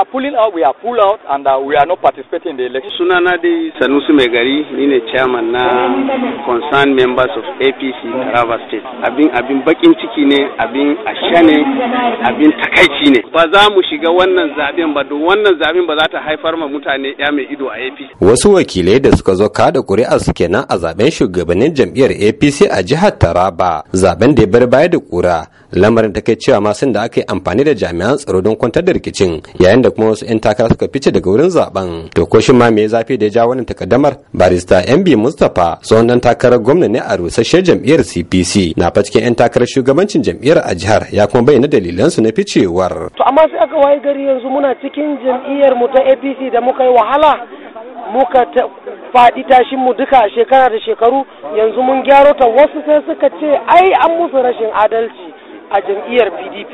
are pulling out, we are pulled out and uh, we are not participating in the election. Sunana de Sanusi Mai Gari chairman na concerned members of APC Taraba State. I've been, bakin ciki ne, abin asha ne, abin takaici ne. Ba za mu shiga wannan zaben ba, don wannan zaben ba za ta haifar ma mutane ya ido APC. Wasu wakilai da suka zo kada kuri'a su kenan a zaben shugabannin jam'iyyar APC a jihar Taraba, zaben da ya bar baya da kura, lamarin take cewa ma sun da aka yi amfani da jami'an tsaro don kwantar da rikicin yayin da da kuma wasu 'yan takara suka fice daga wurin zaben to ko shi ma me zafi da ya ja wannan takaddamar barista mb mustapha tsohon dan takarar gwamna ne a rusashe jam'iyyar cpc na fa cikin 'yan takarar shugabancin jam'iyyar a jihar ya kuma bayyana dalilansu na ficewar to amma sai aka waye gari yanzu muna cikin jam'iyyar mu ta apc da muka yi wahala muka faɗi tashin mu duka shekara da shekaru yanzu mun gyaro ta wasu sai suka ce ai an musu rashin adalci a jam'iyyar pdp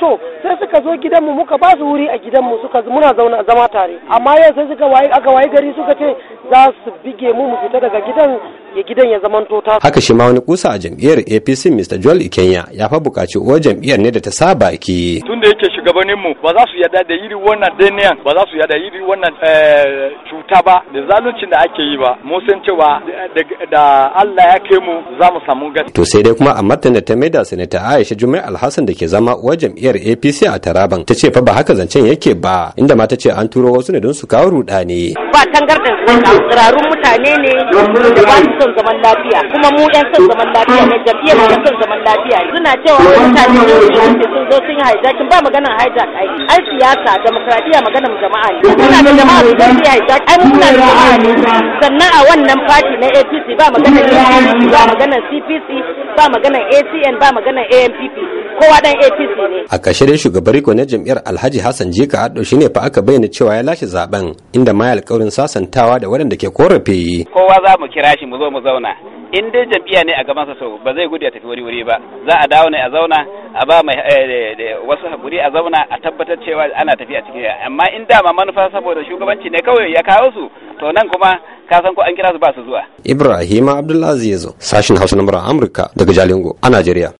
to sai suka zo gidanmu muka ba su wuri a gidanmu suka muna zauna zama tare amma yau sai suka waye aka waye gari suka ce za su bige mu mu fita daga gidan ya gidan ya zamanto ta haka shi ma wani kusa a jam'iyyar APC Mr Joel Ikenya ya fa bukaci uwar jam'iyyar ne da ta saba ki da yake shugabannin mu ba za su yada da iri wannan daniyan ba za su yada iri wannan eh, cuta ba da zaluncin da ake yi ba mu san cewa da Allah ya kai mu za mu samu gaskiya to sai dai kuma a martanin ta maida sanata Aisha Jumai Alhassan da ke zama uwar jam'iyyar APC a Taraban ta ce fa ba haka zancen yake ba inda ma ta ce an turo wasu ne don su kawo rudani ba tangardan tsirarun mutane ne da ba son zaman lafiya kuma mu yan son zaman lafiya ne jam'iyyar yan son zaman lafiya suna cewa mutane ne su sun zo sun yi hijacking ba maganar hijack ai ai siyasa demokradiya maganar jama'a ne muna da jama'a su zai yi hijack ai muna da jama'a ne sannan a wannan party na APC ba maganar APC ba maganar CPC ba maganar ACN ba maganar AMPP kowa dan APC ne a kashe dai shugaban riko na jam'iyyar Alhaji Hassan Jika Addo shine fa aka bayyana cewa ya lashe zaben inda ma alƙawarin sasantawa da waɗanda ke korafe kowa za mu kira shi mu zo mu zauna in dai jam'iyya ne a gabansa so ba zai gudu ya tafi wuri wuri ba za a dawo ne a zauna a ba mai eh, wasu hakuri a zauna a tabbatar cewa ana tafi a cikin amma in dama manufa saboda shugabanci ne kawai ya kawo su to nan kuma ka san ko an kira su ba su zuwa Ibrahim Abdulaziz sashin Hausa na Amurka daga Jalingo a Najeriya